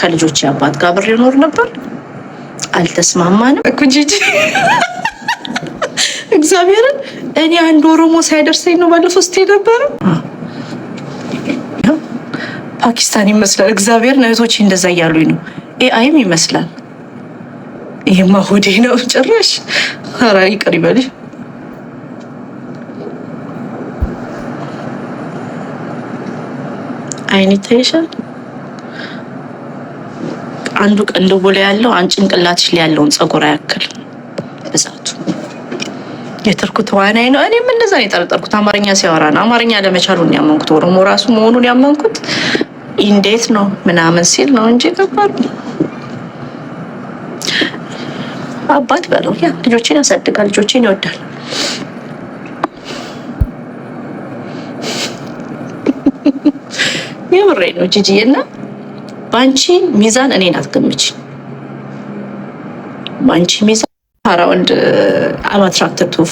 ከልጆች አባት ጋር ብር ይኖር ነበር። አልተስማማንም እኮ ጂጂ እግዚአብሔርን እኔ አንድ ኦሮሞ ሳይደርሰኝ ነው ባለፈው ስትሄድ ነበረ። ፓኪስታን ይመስላል። እግዚአብሔር እህቶች እንደዛ እያሉኝ ነው። ኤአይም ይመስላል። ይህማ ሆዴ ነው ጭራሽ። ኧረ ይቅር ይበል። አይን ይታይሻል። አንዱ ቅንድቡ ላይ ያለው አንድ ጭንቅላትሽ ላይ ያለውን ጸጉር ያክል ብዛቱ የትርኩ ተዋናይ ነው። እኔም እንደዛ ነው የጠረጠርኩት። አማርኛ ሲያወራ ነው አማርኛ ለመቻሉን ያመንኩት፣ ኦሮሞ ራሱ መሆኑን ያመንኩት እንዴት ነው ምናምን ሲል ነው እንጂ ገባር አባት በለው ያ ልጆችን ያሳድጋል፣ ልጆችን ይወዳል። የምሬ ነው ጂጂዬ እና በአንቺ ሚዛን እኔን አትገምች። በአንቺ ሚዛን ፋራ ወንድ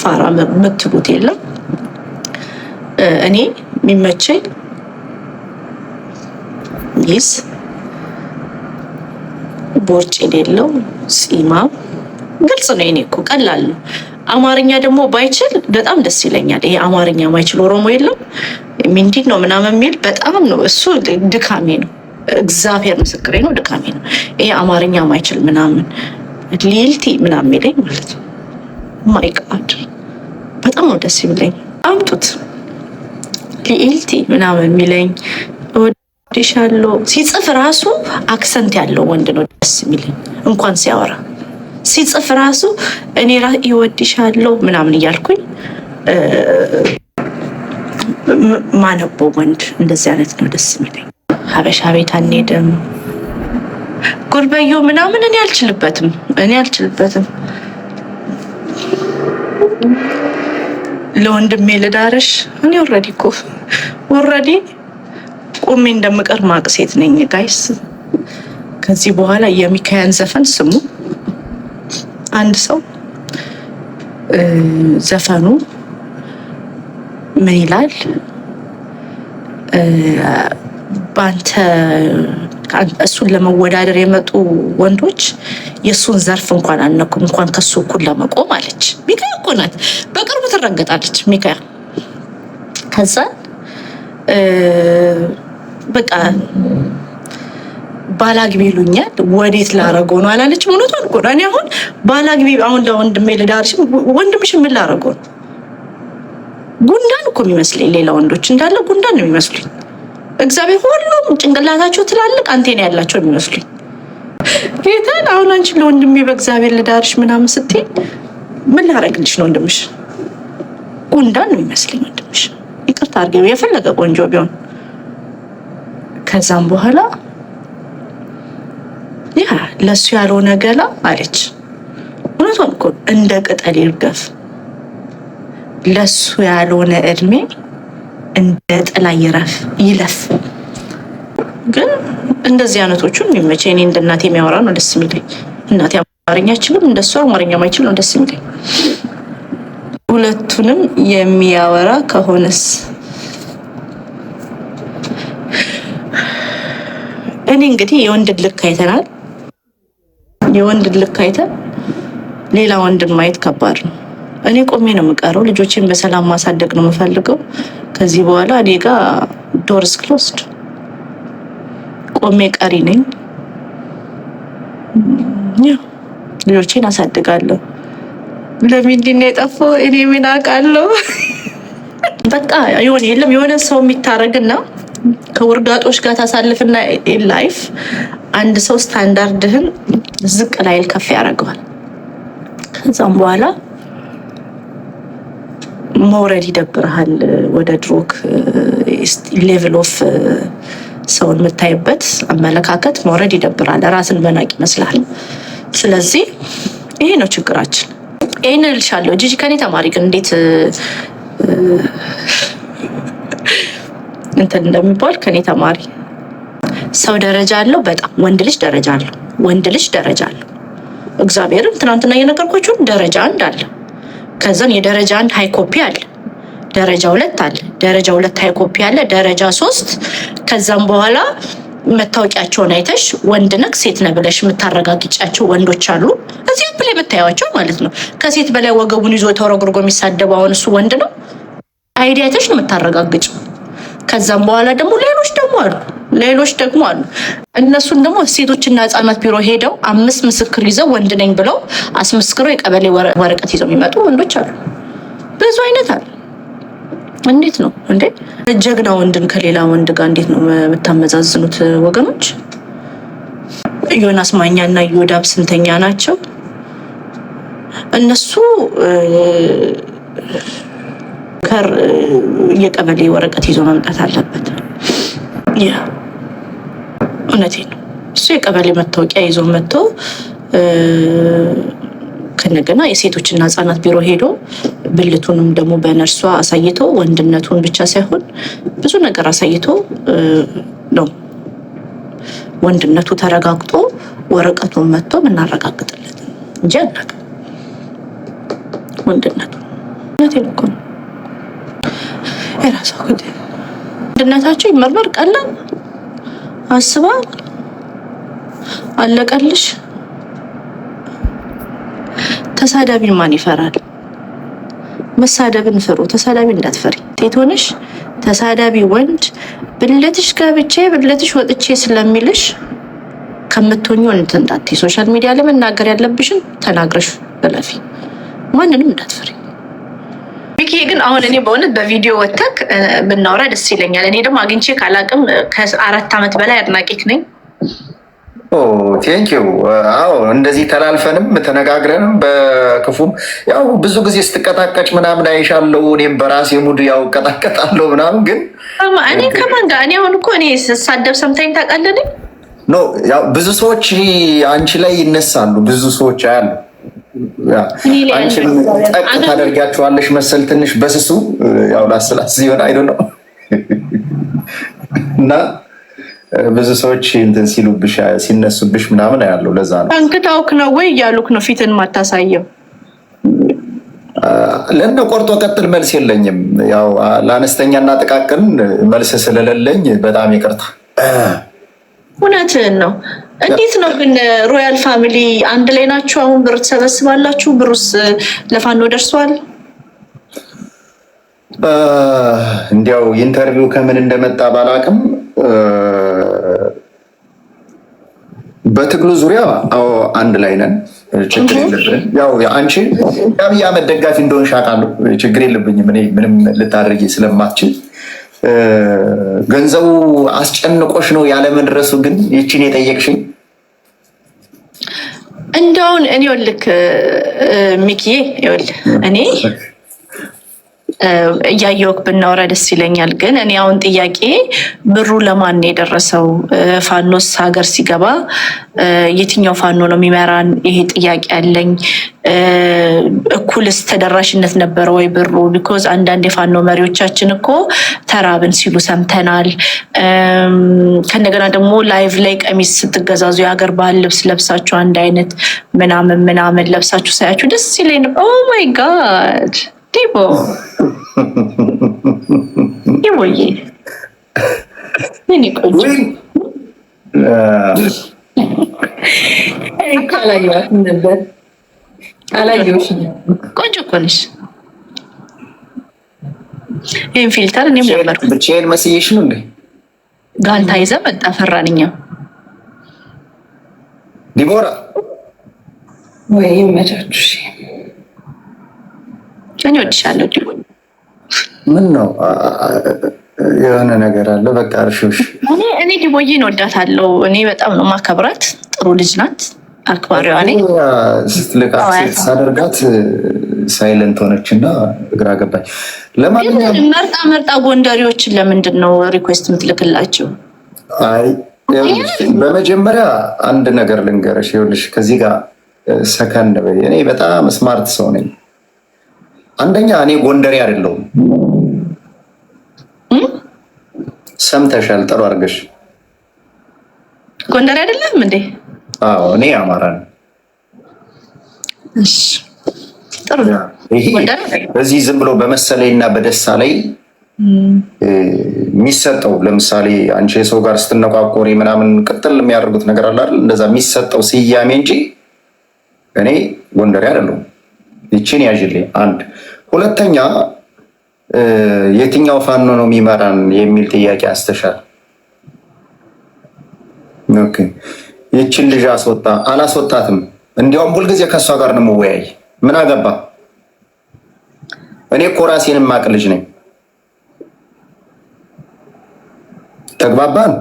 ፋራ የምትሉት የለም። እኔ የሚመቸኝ ሚዝ ቦርጭ የሌለው ጺማ ግልጽ ነው። የኔ እኮ ቀላል ነው። አማርኛ ደግሞ ባይችል በጣም ደስ ይለኛል። ይሄ አማርኛ ማይችል ኦሮሞ የለም ሚንዲ ነው ምናምን የሚል በጣም ነው እሱ ድካሜ ነው። እግዚአብሔር ምስክሬ ነው፣ ድካሜ ነው። ይሄ አማርኛ ማይችል ምናምን ሊልቲ ምናምን ይለኝ ማለት ነው። ማይ ጋድ በጣም ነው ደስ ይብለኝ። አምጡት ሊልቲ ምናምን የሚለኝ እወድሻለሁ ሲጽፍ ራሱ አክሰንት ያለው ወንድ ነው ደስ የሚለኝ። እንኳን ሲያወራ ሲጽፍ ራሱ እኔ እወድሻለሁ ምናምን እያልኩኝ ማነቦ ወንድ እንደዚህ አይነት ነው ደስ የሚለኝ። ሀበሻ ቤት አንሄድም። ጉርበዮ ምናምን እኔ አልችልበትም፣ እኔ አልችልበትም። ለወንድሜ ልዳርሽ እኔ ኦልሬዲ እኮ ኦልሬዲ ቁሜ እንደምቀር ማቅሴት ነኝ ጋይስ። ከዚህ በኋላ የሚካያን ዘፈን ስሙ። አንድ ሰው ዘፈኑ ምን ይላል? በአንተ እሱን ለመወዳደር የመጡ ወንዶች የእሱን ዘርፍ እንኳን አነኩም እንኳን ከሱ እኩል ለመቆም አለች። ሚካ እኮ ናት፣ በቅርቡ ትረገጣለች ሚካ። ከዛ በቃ ባላግቢ ይሉኛል ወዴት ላረገው ነው አላለችም። እውነቷን እኮ ነው። እኔ አሁን ባላግቢ አሁን ለወንድሜ ልዳርሽ ወንድምሽ ምን ላረገው ነው? ጉንዳን እኮ የሚመስለኝ ሌላ ወንዶች እንዳለ ጉንዳን ነው የሚመስሉኝ። እግዚአብሔር ሁሉም ጭንቅላታቸው ትላልቅ አንቴና ያላቸው የሚመስሉኝ ጌታን። አሁን አንቺ ለወንድሜ በእግዚአብሔር ልዳርሽ ምናምን ስትይ ምን ላረግልሽ ነው? ወንድምሽ ጉንዳን ነው የሚመስልኝ ወንድምሽ ይቅርታ አድርጌ የፈለገ ቆንጆ ቢሆን ከዛም በኋላ ያ ለእሱ ያልሆነ ገላ አለች። እውነቷን እኮ እንደ ቅጠል ይርገፍ ለእሱ ያልሆነ እድሜ እንደ ጥላ ይረፍ ይለፍ። ግን እንደዚህ አይነቶቹ የሚመቸ እኔ እንደ እናቴ የሚያወራ ነው ደስ የሚለኝ። እናቴ አማርኛ ችልም እንደሱ አማርኛ ማይችል ነው ደስ የሚለኝ። ሁለቱንም የሚያወራ ከሆነስ እኔ እንግዲህ የወንድ ልክ አይተናል። የወንድ ልክ አይተን ሌላ ወንድን ማየት ከባድ ነው። እኔ ቆሜ ነው የምቀረው። ልጆችን በሰላም ማሳደግ ነው የምፈልገው። ከዚህ በኋላ እኔ ጋ ዶርስ ክሎስድ ቆሜ ቀሪ ነኝ። ልጆቼን አሳድጋለሁ። ለምንድን ነው የጠፋው? እኔ ምን አውቃለሁ። በቃ የሆነ የለም የሆነ ሰው የሚታረግና ከውርጋጦች ጋር ታሳልፍና ላይፍ አንድ ሰው ስታንዳርድህን ዝቅ ላይል ከፍ ያደርገዋል። ከዛም በኋላ መውረድ ይደብርሃል ወደ ድሮክ ሌቭል ኦፍ ሰውን የምታይበት አመለካከት መውረድ ይደብራል። ራስን መናቅ ይመስላል። ስለዚህ ይሄ ነው ችግራችን። ይህን እልሻለሁ። ጂጂ ከኔ ተማሪ ግን እንዴት እንትን እንደሚባል ከኔ ተማሪ። ሰው ደረጃ አለው። በጣም ወንድ ልጅ ደረጃ አለው። ወንድ ልጅ ደረጃ አለው። እግዚአብሔርም ትናንትና እየነገርኳችሁን ደረጃ እንዳለ ከዛን የደረጃ አንድ ሃይ ኮፒ አለ፣ ደረጃ ሁለት አለ፣ ደረጃ ሁለት ሃይ ኮፒ አለ፣ ደረጃ ሶስት ከዛም በኋላ መታወቂያቸውን አይተሽ ወንድ ነክ ሴት ነ ብለሽ የምታረጋግጫቸው ወንዶች አሉ። እዚህ አፕ ላይ የምታያቸው ማለት ነው። ከሴት በላይ ወገቡን ይዞ ተወረጉርጎ የሚሳደበው አሁን እሱ ወንድ ነው። አይዲ አይተሽ ነው የምታረጋግጭው። ከዛም በኋላ ደግሞ ሌሎች ደግሞ አሉ ሌሎች ደግሞ አሉ። እነሱን ደግሞ ሴቶችና ህጻናት ቢሮ ሄደው አምስት ምስክር ይዘው ወንድ ነኝ ብለው አስመስክረው የቀበሌ ወረቀት ይዘው የሚመጡ ወንዶች አሉ። ብዙ አይነት አለ። እንዴት ነው እንዴ? ጀግና ወንድን ከሌላ ወንድ ጋር እንዴት ነው የምታመዛዝኑት? ወገኖች ዮናስ ማኛ እና ዮዳብ ስንተኛ ናቸው? እነሱ ከር የቀበሌ ወረቀት ይዞ መምጣት አለበት። እውነቴ ነው። እሱ የቀበሌ መታወቂያ ይዞ መጥቶ ከነገና የሴቶችና ህጻናት ቢሮ ሄዶ ብልቱንም ደግሞ በነርሷ አሳይቶ ወንድነቱን ብቻ ሳይሆን ብዙ ነገር አሳይቶ ነው ወንድነቱ ተረጋግጦ ወረቀቱን መጥቶ የምናረጋግጥለት እንጂ አናቅ ወንድነቱ ወንድነታቸው ይመርመር ቀላል አስባ አለቀልሽ። ተሳዳቢ ማን ይፈራል? መሳደብን ፍሩ፣ ተሳዳቢ እንዳትፈሪ። ጤቶንሽ ተሳዳቢ ወንድ ብለትሽ ጋብቼ ብለትሽ ወጥቼ ስለሚልሽ ከምትሆኝ እንትን እንዳትዪ። ሶሻል ሚዲያ ለመናገር መናገር ያለብሽን ተናግረሽ በለፊ ማንንም እንዳትፈሪ። ቤኪዬ ግን አሁን እኔ በእውነት በቪዲዮ ወተክ ብናወራ ደስ ይለኛል። እኔ ደግሞ አግኝቼ ካላቅም ከአራት ዓመት በላይ አድናቂክ ነኝ። ቴንኪው። አዎ እንደዚህ ተላልፈንም ተነጋግረንም በክፉም ያው ብዙ ጊዜ ስትቀጣቀጭ ምናምን አይሻለው። እኔም በራሴ ሙድ ያው እቀጣቀጣለሁ ምናምን ግን እኔ ከማን ጋር እኔ አሁን እኮ እኔ ስሳደብ ሰምታኝ ታውቃለህ? ብዙ ሰዎች አንቺ ላይ ይነሳሉ። ብዙ ሰዎች አያሉ አንቺን ታደርጊያቸዋለሽ መሰል ትንሽ በስሱ ያው ላስላስ ሲሆን አይዶ ነው እና ብዙ ሰዎች እንትን ሲሉብሽ ሲነሱብሽ ምናምን ያለው ለዛ ነው። እንክታውክ ነው ወይ እያሉክ ነው ፊትን ማታሳየው። ለእነ ቆርጦ ቀጥል መልስ የለኝም። ያው ለአነስተኛና ጥቃቅን መልስ ስለሌለኝ በጣም ይቅርታ። እውነትህን ነው። እንዴት ነው ግን ሮያል ፋሚሊ አንድ ላይ ናችሁ? አሁን ብር ትሰበስባላችሁ? ብሩስ ለፋኖ ደርሷል? እንዲያው ኢንተርቪው ከምን እንደመጣ ባላቅም በትግሉ ዙሪያ አዎ አንድ ላይ ነን። ችግር የለብንም። ያው አንቺ የአብይ አህመድ ደጋፊ እንደሆንሽ አውቃለሁ። ችግር የለብኝም እኔ ምንም ልታደርጊ ስለማትችል ገንዘቡ አስጨንቆሽ ነው ያለመድረሱ ግን ይችን የጠየቅሽኝ እንደውን እኔ ልክ ሚኪዬ ይኸውልህ እኔ እያየወቅ ብናወራ ደስ ይለኛል። ግን እኔ አሁን ጥያቄ ብሩ ለማን የደረሰው? ፋኖስ ሀገር ሲገባ የትኛው ፋኖ ነው የሚመራን? ይሄ ጥያቄ አለኝ። እኩልስ ተደራሽነት ነበረ ወይ ብሩ? ቢኮዝ አንዳንድ የፋኖ መሪዎቻችን እኮ ተራብን ሲሉ ሰምተናል። ከእንደገና ደግሞ ላይቭ ላይ ቀሚስ ስትገዛዙ የሀገር ባህል ልብስ ለብሳችሁ አንድ አይነት ምናምን ምናምን ለብሳችሁ ሳያችሁ ደስ ይለኝ። ኦ ማይ ጋድ ዲቦ ይወይ ቆንጆ እኮ ነሽ። ይህን ፊልተር እኔም ነበርኩ ብቻዬን መስዬሽ ነው እንዴ? ጋልታ ይዘ መጣ ፈራንኛ ዲቦራ ወይ መቻችሁ እኔ ወድሻለሁ ዲቦራ ምን ነው የሆነ ነገር አለ። በቃ እርሾሽ እኔ እኔ ዲቦዬን ወዳታለሁ። እኔ በጣም ነው ማከብራት። ጥሩ ልጅ ናት፣ አክባሪዋ ስትልቃት ሳደርጋት ሳይለንት ሆነች እና እግራ ገባች ለማንኛውም መርጣ መርጣ ጎንደሪዎችን ለምንድን ነው ሪኩዌስት የምትልክላቸው? አይ በመጀመሪያ አንድ ነገር ልንገረሽ። ይኸውልሽ ከዚህ ጋር ሰከንድ በይ። እኔ በጣም ስማርት ሰው ነኝ አንደኛ እኔ ጎንደሬ አይደለሁም። ሰምተሻል? ጥሩ አድርገሽ ጎንደሬ አይደለም እንዴ? አዎ እኔ አማራ ነው። ጥሩ እዚህ ዝም ብሎ በመሰለኝ እና በደስታ ላይ የሚሰጠው ለምሳሌ አንቺ የሰው ጋር ስትነቋቆሪ ምናምን ቅጥል የሚያደርጉት ነገር አለ አይደል? እንደዛ የሚሰጠው ስያሜ እንጂ እኔ ጎንደሬ አይደለሁም። ይችን ያዥልኝ አንድ ሁለተኛ የትኛው ፋኖ ነው የሚመራን የሚል ጥያቄ አስተሻል። ይችን ልጅ አስወጣ አላስወጣትም። እንዲያውም ሁልጊዜ ከእሷ ጋር ነው የምወያይ። ምን አገባ? እኔ እኮ ራሴን ማቅ ልጅ ነኝ። ተግባባን።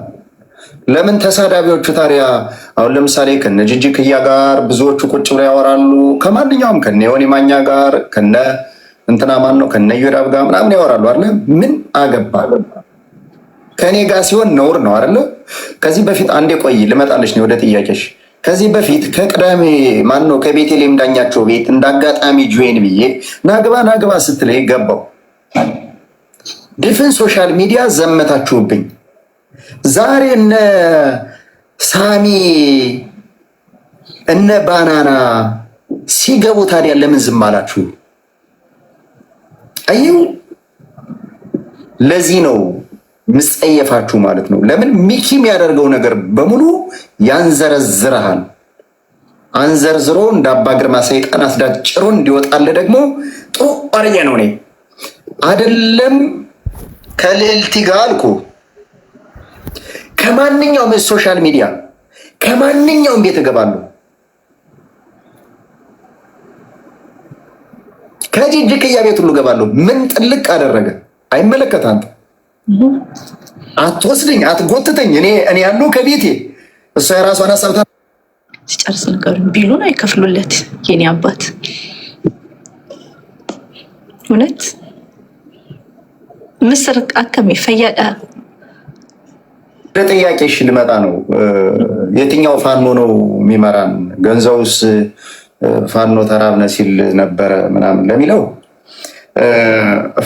ለምን ተሳዳቢዎቹ ታዲያ አሁን ለምሳሌ ከነ ጅጅክያ ጋር ብዙዎቹ ቁጭ ብለው ያወራሉ። ከማንኛውም ከነ ዮኒ ማኛ ጋር ከነ እንትና ማን ነው ከነ ጋር ምናምን ያወራሉ አለ። ምን አገባ ከእኔ ጋር ሲሆን ነውር ነው አለ። ከዚህ በፊት አንዴ ቆይ ልመጣለች ነው ወደ ጥያቄሽ። ከዚህ በፊት ከቅዳሜ ማን ነው ከቤተልሔም ዳኛቸው ቤት እንዳጋጣሚ ጆይን ብዬ ናግባ ናግባ ስትለይ ገባው። ድፍን ሶሻል ሚዲያ ዘመታችሁብኝ። ዛሬ እነ ሳሚ እነ ባናና ሲገቡ ታዲያ ለምን ዝም አላችሁ? አየው። ለዚህ ነው ምጸየፋችሁ ማለት ነው። ለምን ሚኪ የሚያደርገው ነገር በሙሉ ያንዘረዝረሃል። አንዘርዝሮ እንደ አባ ግርማ ሰይጣን አስዳጭሮ እንዲወጣልህ ደግሞ ጥሩ አርያ ነው። እኔ አይደለም ከልዕልቲ ጋር አልኩ ከማንኛውም ሶሻል ሚዲያ ከማንኛውም ቤት እገባለሁ ከጅጅቅያ ቤት ሁሉ ገባለሁ። ምን ጥልቅ አደረገ አይመለከት። አንተ አትወስደኝ፣ አትጎትተኝ። እኔ እኔ ያለው ከቤቴ እሷ የራሷን አሰብታ ሲጨርስ ነገሩ ቢሉን አይከፍሉለት የኔ አባት እውነት ምስር አከሜ ፈያዳ ለጥያቄሽ ልመጣ ነው። የትኛው ፋኖ ነው የሚመራን? ገንዘውስ ፋኖ ተራብነ ሲል ነበረ ምናምን ለሚለው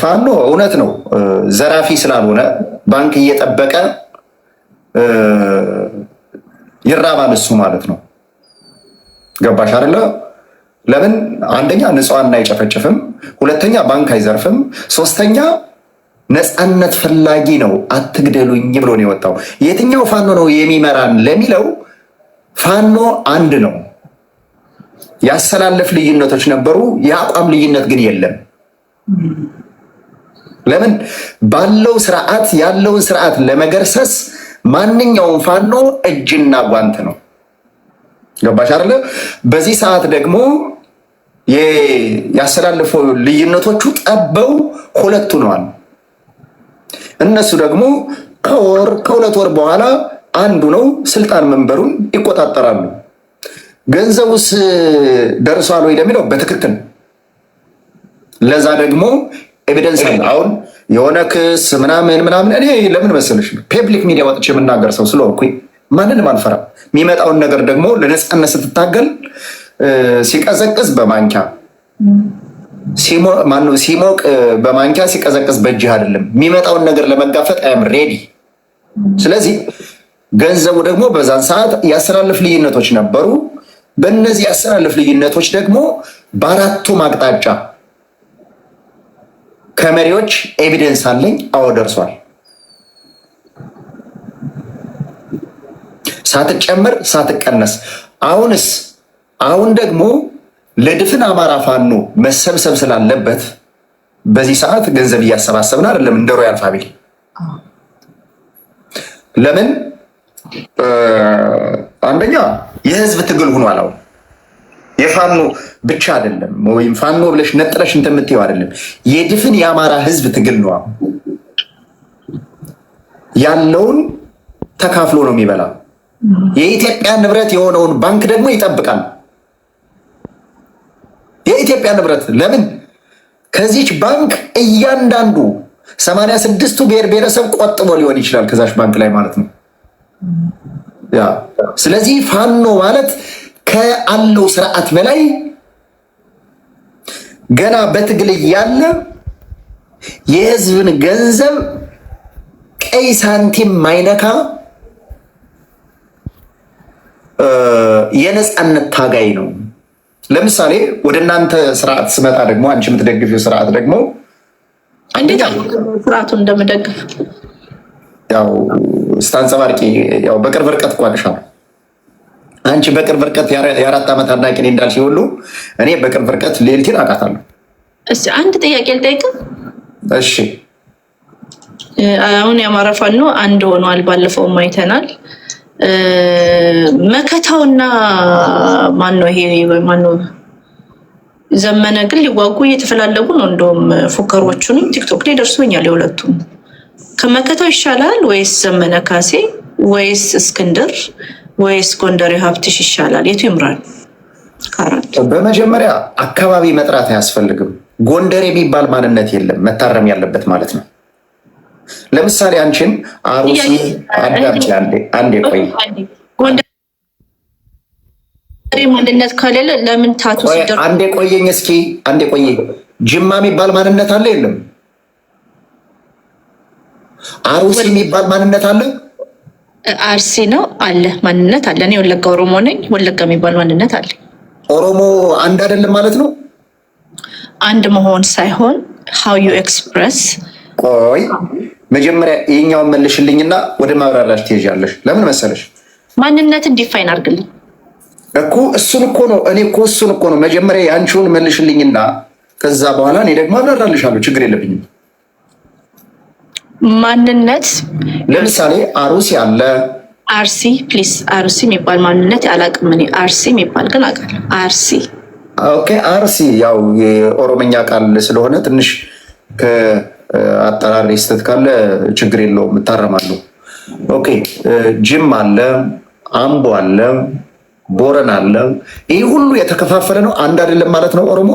ፋኖ እውነት ነው። ዘራፊ ስላልሆነ ባንክ እየጠበቀ ይራባል እሱ ማለት ነው። ገባሽ አይደለ? ለምን አንደኛ ንጹሐን አይጨፈጭፍም፣ ሁለተኛ ባንክ አይዘርፍም፣ ሶስተኛ ነፃነት ፈላጊ ነው። አትግደሉኝ ብሎ ነው የወጣው። የትኛው ፋኖ ነው የሚመራን ለሚለው ፋኖ አንድ ነው። ያሰላለፍ ልዩነቶች ነበሩ። የአቋም ልዩነት ግን የለም። ለምን ባለው ስርዓት ያለውን ስርዓት ለመገርሰስ ማንኛውም ፋኖ እጅና ጓንት ነው። ገባሽ አለ በዚህ ሰዓት ደግሞ ያስተላልፉ ልዩነቶቹ ጠበው ሁለቱ ነዋል። እነሱ ደግሞ ከወር ከሁለት ወር በኋላ አንዱ ነው ስልጣን መንበሩን ይቆጣጠራሉ። ገንዘቡስ ደርሷል ወይ ለሚለው በትክክል ለዛ ደግሞ ኤቪደንስ አለ። አሁን የሆነ ክስ ምናምን ምናምን እኔ ለምን መሰለሽ ፐብሊክ ሚዲያ ወጥቼ የምናገር ሰው ስለሆንኩኝ ማንንም አልፈራም። የሚመጣውን ነገር ደግሞ ለነፃነት ስትታገል ሲቀዘቅዝ በማንኪያ ሲሞቅ በማንኪያ ሲቀዘቅዝ በእጅ አይደለም። የሚመጣውን ነገር ለመጋፈጥ አም ሬዲ። ስለዚህ ገንዘቡ ደግሞ በዛን ሰዓት ያስተላልፍ ልዩነቶች ነበሩ። በእነዚህ አሰላለፍ ልዩነቶች ደግሞ በአራቱም አቅጣጫ ከመሪዎች ኤቪደንስ አለኝ። አዎ ደርሷል። ሳትጨምር ሳትቀነስ። አሁንስ አሁን ደግሞ ለድፍን አማራ ፋኖ መሰብሰብ ስላለበት በዚህ ሰዓት ገንዘብ እያሰባሰብን አይደለም፣ እንደ ሮያል ፋሚሊ ለምን አንደኛ የህዝብ ትግል ሁኖ አላው የፋኖ ብቻ አይደለም ወይም ፋኖ ብለሽ ነጥለሽ እንትን የምትይው አይደለም። የድፍን የአማራ ህዝብ ትግል ነው። ያለውን ተካፍሎ ነው የሚበላ። የኢትዮጵያ ንብረት የሆነውን ባንክ ደግሞ ይጠብቃል። የኢትዮጵያ ንብረት ለምን ከዚች ባንክ እያንዳንዱ ሰማንያ ስድስቱ ብሔር ብሔረሰብ ቆጥቦ ሊሆን ይችላል ከዛች ባንክ ላይ ማለት ነው። ስለዚህ ፋኖ ማለት ከአለው ስርዓት በላይ ገና በትግል እያለ የህዝብን ገንዘብ ቀይ ሳንቲም ማይነካ የነፃነት ታጋይ ነው። ለምሳሌ ወደ እናንተ ስርዓት ስመጣ ደግሞ አንቺ የምትደግፊው ስርዓት ደግሞ ስርዓቱ እንደምደግፍ ያው ስታንጸባርቂ በቅርብ ርቀት ቋቅሻል። አንቺ በቅርብ ርቀት የአራት ዓመት አድናቂ እንዳልሽ ሁሉ እኔ በቅርብ ርቀት ሌልቲን አውቃታለሁ። አንድ ጥያቄ ልጠይቅም? እሺ። አሁን የአማራ ፋኖ አንድ ሆኗል። ባለፈውም አይተናል። መከታውና ማን ነው ይሄ? ማን ነው ዘመነ ግን ሊዋጉ እየተፈላለጉ ነው። እንደውም ፉከሮቹንም ቲክቶክ ላይ ደርሶኛል የሁለቱም ከመከታው ይሻላል ወይስ ዘመነ ካሴ ወይስ እስክንድር ወይስ ጎንደር ሀብትሽ ይሻላል? የቱ ይምራል? በመጀመሪያ አካባቢ መጥራት አያስፈልግም። ጎንደር የሚባል ማንነት የለም፣ መታረም ያለበት ማለት ነው። ለምሳሌ አንቺን አሩሲ አዳምጪ፣ አንዴ ቆይ። ማንነት ከሌለ ለምን ታቱ? አንዴ ቆየኝ እስኪ፣ አንዴ ቆየኝ። ጅማ የሚባል ማንነት አለ የለም? አሩሲ የሚባል ማንነት አለ። አርሲ ነው አለ ማንነት አለ። እኔ ወለጋ ኦሮሞ ነኝ። ወለጋ የሚባል ማንነት አለ። ኦሮሞ አንድ አይደለም ማለት ነው። አንድ መሆን ሳይሆን ሀው ዩ ኤክስፕረስ። ቆይ መጀመሪያ ይህኛውን መልሽልኝና ወደ ማብራሪያሽ ትሄጃለሽ። ለምን መሰለሽ ማንነትን ዲፋይን አድርግልኝ እኮ እሱን እኮ ነው እኔ እኮ እሱን እኮ ነው መጀመሪያ የአንቺውን መልሽልኝና ከዛ በኋላ እኔ ደግሞ አብራራልሻለሁ። ችግር የለብኝም። ማንነት ለምሳሌ አሩሲ አለ አርሲ ፕሊስ አርሲ የሚባል ማንነት አላውቅም እኔ አርሲ የሚባል ግን አውቃለሁ አርሲ ኦኬ አርሲ ያው የኦሮምኛ ቃል ስለሆነ ትንሽ ከአጠራር ስህተት ካለ ችግር የለውም እታረማለሁ ኦኬ ጅም አለ አምቦ አለ ቦረን አለ ይህ ሁሉ የተከፋፈለ ነው አንድ አይደለም ማለት ነው ኦሮሞ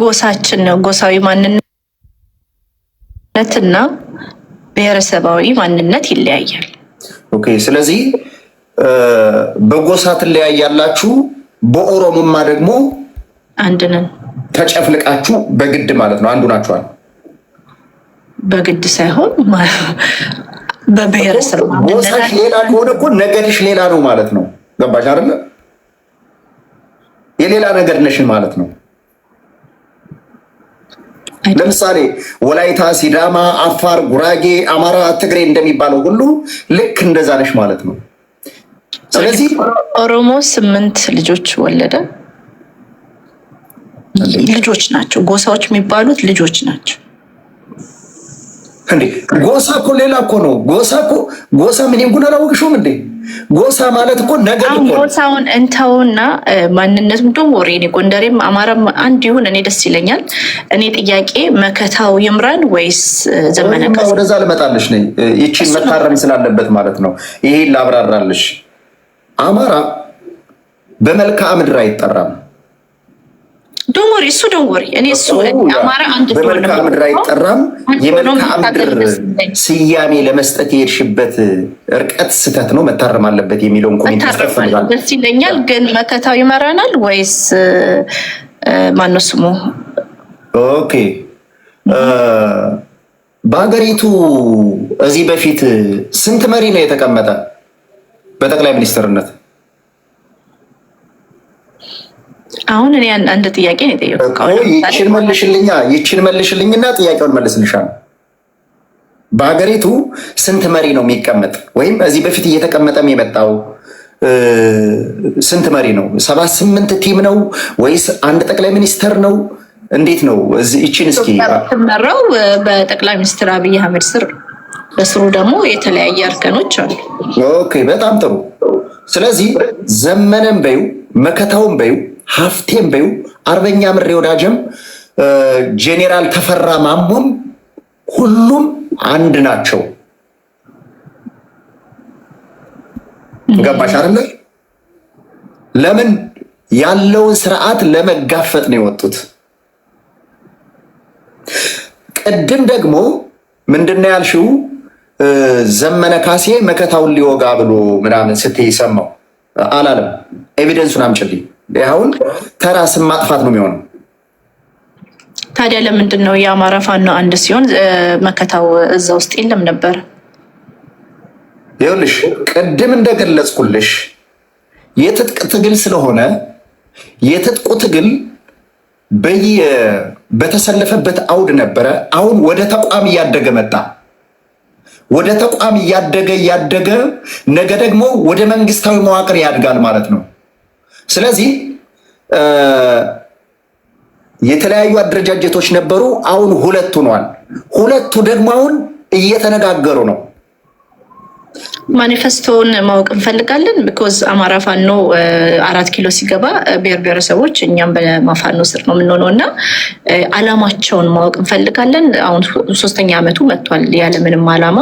ጎሳችን ነው ጎሳዊ ማንነት እምነትና ብሔረሰባዊ ማንነት ይለያያል። ኦኬ። ስለዚህ በጎሳ ትለያያላችሁ፣ በኦሮሞማ ደግሞ አንድ ነን። ተጨፍልቃችሁ በግድ ማለት ነው አንዱ ናችኋል። በግድ ሳይሆን በብሔረሰብ ጎሳሽ ሌላ ከሆነ እኮ ነገድሽ ሌላ ነው ማለት ነው። ገባሽ አይደለ? የሌላ ነገር ነሽ ማለት ነው። ለምሳሌ ወላይታ፣ ሲዳማ፣ አፋር፣ ጉራጌ፣ አማራ፣ ትግሬ እንደሚባለው ሁሉ ልክ እንደዛ ነሽ ማለት ነው። ስለዚህ ኦሮሞ ስምንት ልጆች ወለደ። ልጆች ናቸው ጎሳዎች የሚባሉት ልጆች ናቸው። እንዴ ጎሳ እኮ ሌላ እኮ ነው። ጎሳ እኮ ጎሳ ምን ጉን አላወቅሽውም እንዴ? ጎሳ ማለት እኮ ነገር ጎሳውን እንተውና ማንነቱም ዶን ወሬ ጎንደሬም አማራም አንድ ይሁን፣ እኔ ደስ ይለኛል። እኔ ጥያቄ መከታው ይምራን ወይስ ዘመነ? ወደዛ ልመጣልሽ ነኝ። ይቺ መታረም ስላለበት ማለት ነው። ይሄን ላብራራልሽ። አማራ በመልክዓ ምድር አይጠራም። ዶንወሪ እሱ ዶንወሪ እኔ እሱ አማራ አንድ በመልክዓ ምድር አይጠራም። የመልክዓ ምድር ስያሜ ለመስጠት የሄድሽበት እርቀት ስህተት ነው፣ መታረም አለበት የሚለውን ኮሜንት ይለኛል። ግን መከታው ይመራናል ወይስ ማነው ስሙ? ኦኬ በሀገሪቱ እዚህ በፊት ስንት መሪ ነው የተቀመጠ በጠቅላይ ሚኒስትርነት? አሁን እኔ አንድ ጥያቄ ነው የጠየኩት። ይችን መልሽልኛ፣ ይችን መልሽልኝና ጥያቄውን መልስልሻለሁ። በሀገሪቱ ስንት መሪ ነው የሚቀመጥ? ወይም እዚህ በፊት እየተቀመጠም የመጣው ስንት መሪ ነው? ሰባ ስምንት ቲም ነው ወይስ አንድ ጠቅላይ ሚኒስተር ነው? እንዴት ነው? እችን እስኪ ትመራው በጠቅላይ ሚኒስትር አብይ አህመድ ስር በስሩ ደግሞ የተለያየ እርከኖች አሉ። ኦኬ፣ በጣም ጥሩ። ስለዚህ ዘመነም በዩ መከታውን በዩ ሀፍቴም በዩ አርበኛ ምሬ ወዳጀም ጄኔራል ተፈራ ማሞም ሁሉም አንድ ናቸው። ገባሽ አይደለ? ለምን ያለውን ስርዓት ለመጋፈጥ ነው የወጡት። ቅድም ደግሞ ምንድን ነው ያልሽው? ዘመነ ካሴ መከታውን ሊወጋ ብሎ ምናምን ስትይ ሰማው አላለም? ኤቪደንሱን አምጪልኝ። አሁን ተራ ስም ማጥፋት ነው የሚሆነው። ታዲያ ለምንድን ነው የአማራ ፋኖ አንድ ሲሆን መከታው እዛ ውስጥ የለም ነበር? ይኸውልሽ ቅድም እንደገለጽኩልሽ የትጥቅ ትግል ስለሆነ የትጥቁ ትግል በተሰለፈበት አውድ ነበረ። አሁን ወደ ተቋም እያደገ መጣ። ወደ ተቋም እያደገ እያደገ ነገ ደግሞ ወደ መንግስታዊ መዋቅር ያድጋል ማለት ነው። ስለዚህ የተለያዩ አደረጃጀቶች ነበሩ። አሁን ሁለቱ ነዋል። ሁለቱ ደግሞ አሁን እየተነጋገሩ ነው። ማኒፌስቶውን ማወቅ እንፈልጋለን። ቢኮዝ አማራ ፋኖ አራት ኪሎ ሲገባ ብሔር ብሔረሰቦች እኛም በማፋኖ ስር ነው የምንሆነው እና አላማቸውን ማወቅ እንፈልጋለን። አሁን ሶስተኛ ዓመቱ መጥቷል። ያለምንም አላማ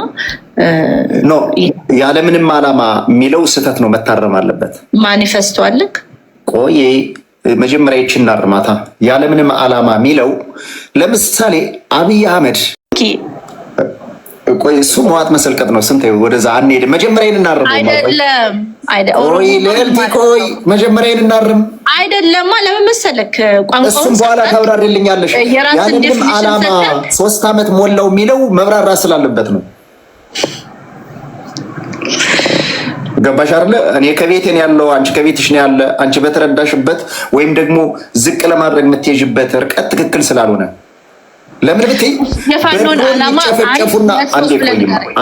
ኖ ያለምንም አላማ የሚለው ስህተት ነው፣ መታረም አለበት። ማኒፌስቶ አለክ ቆይ መጀመሪያ ይችና እርማታ ያለምንም አላማ የሚለው ለምሳሌ አብይ አህመድ ቆይ እሱ መዋጥ መሰልቀጥ ነው። ስንት ወደዛ አንሄድ። መጀመሪያ እናርም አይደለም ቆይ መጀመሪያ እናርም አይደለማ። ለምን መሰለክ ቋንቋ እሱም በኋላ ታብራሪልኛለሽ። ያለምንም ዓላማ ሶስት አመት ሞላው የሚለው መብራራ ስላለበት ነው። ገባሽ አለ እኔ ከቤት ነው ያለው፣ አንቺ ከቤትሽ ነው ያለ። አንቺ በተረዳሽበት ወይም ደግሞ ዝቅ ለማድረግ የምትሄዥበት ርቀት ትክክል ስላልሆነ ለምን ብት የፋኖን አላማ ጨፈጨፉና፣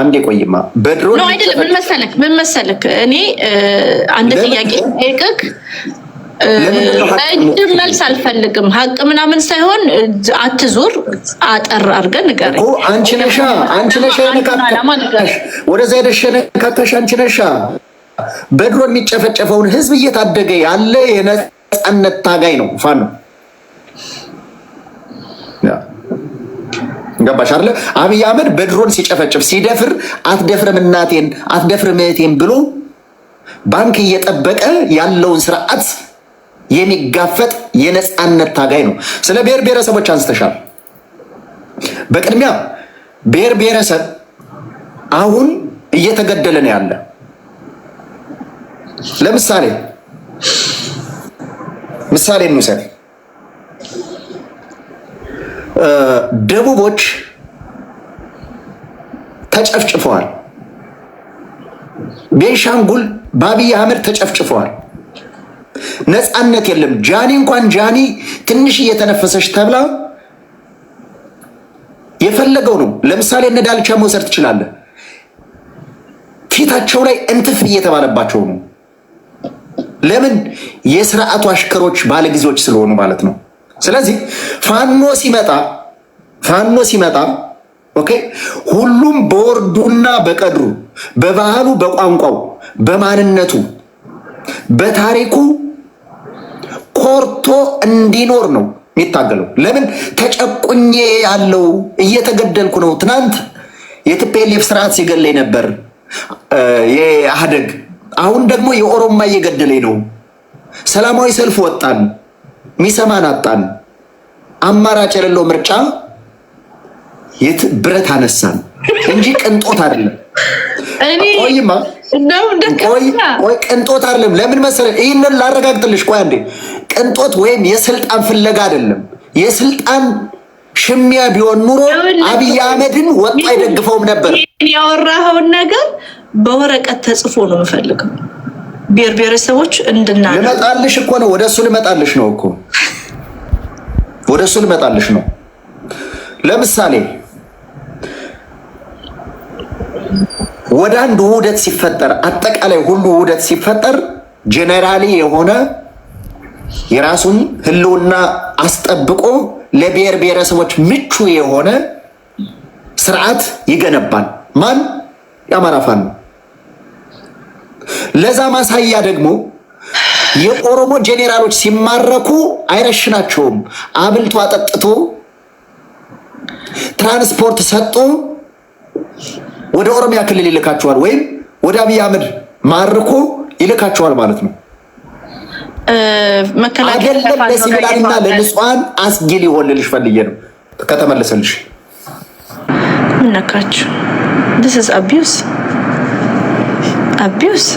አንዴ ቆይማ በድሮ አይደለም። ምን መሰለክ ምን መሰለክ እኔ አንድ ጥያቄ ቅክ እድር መልስ አልፈልግም። ሀቅ ምናምን ሳይሆን አትዙር፣ አጠር አድርገን ንገረኝ። አንቺ ነሻ አንቺ ነሻ ወደዛ ሄደሽ ነካካሽ አንቺ ነሻ በድሮ የሚጨፈጨፈውን ህዝብ እየታደገ ያለ የነጻነት ታጋይ ነው ፋኖ ገባሽ አለ አብይ አህመድ በድሮን ሲጨፈጭፍ ሲደፍር አትደፍርም እናቴን አትደፍርም እህቴን ብሎ ባንክ እየጠበቀ ያለውን ስርዓት የሚጋፈጥ የነፃነት ታጋይ ነው። ስለ ብሔር ብሔረሰቦች አንስተሻል። በቅድሚያ ብሔር ብሔረሰብ አሁን እየተገደለ ነው ያለ። ለምሳሌ ምሳሌ እንውሰድ። ደቡቦች ተጨፍጭፈዋል። ቤንሻንጉል በአብይ አህመድ ተጨፍጭፈዋል። ነፃነት የለም። ጃኒ እንኳን ጃኒ ትንሽ እየተነፈሰች ተብላ የፈለገው ነው። ለምሳሌ እነ ዳልቻ መውሰድ ትችላለ። ፊታቸው ላይ እንትፍ እየተባለባቸው ነው። ለምን? የስርዓቱ አሽከሮች ባለጊዜዎች ስለሆኑ ማለት ነው። ስለዚህ ፋኖ ሲመጣ ፋኖ ሲመጣ ኦኬ፣ ሁሉም በወርዱና በቀድሩ፣ በባህሉ፣ በቋንቋው፣ በማንነቱ፣ በታሪኩ ኮርቶ እንዲኖር ነው የሚታገለው። ለምን ተጨቁኜ ያለው እየተገደልኩ ነው። ትናንት የትፔሌፍ ስርዓት ሲገለኝ ነበር የአህደግ አሁን ደግሞ የኦሮማ እየገደለኝ ነው። ሰላማዊ ሰልፍ ወጣን፣ ሚሰማን አጣን። አማራጭ የሌለው ምርጫ የት ብረት አነሳን እንጂ ቅንጦት አይደለም። ቆይማ ቆይ ቅንጦት አይደለም። ለምን መሰለህ? ይህንን ላረጋግጥልሽ። ቆይ አንዴ፣ ቅንጦት ወይም የስልጣን ፍለጋ አይደለም። የስልጣን ሽሚያ ቢሆን ኑሮ አብይ አህመድን ወጡ አይደግፈውም ነበር። ያወራኸውን ነገር በወረቀት ተጽፎ ነው የምፈልገው። ብሔር ብሔረሰቦች እንድና ልመጣልሽ እኮ ነው። ወደ እሱ ልመጣልሽ ነው እኮ ወደ እሱ ልመጣልሽ ነው። ለምሳሌ ወደ አንድ ውህደት ሲፈጠር አጠቃላይ ሁሉ ውህደት ሲፈጠር ጀነራሊ የሆነ የራሱን ህልውና አስጠብቆ ለብሔር ብሔረሰቦች ምቹ የሆነ ስርዓት ይገነባል። ማን? የአማራ ፋኖ ነው። ለዛ ማሳያ ደግሞ የኦሮሞ ጄኔራሎች ሲማረኩ አይረሽናቸውም። አብልቶ አጠጥቶ ትራንስፖርት ሰጡ ወደ ኦሮሚያ ክልል ይልካችኋል ወይም ወደ አብይ አህመድ ማርኮ ይልካችኋል ማለት ነው። አይደለም ለሲቪላንና ለንጹሐን አስጊ ሊሆንልሽ ፈልጌ ነው። ከተመለሰልሽ ምነካችሁ ስ አቢዩስ አቢዩስ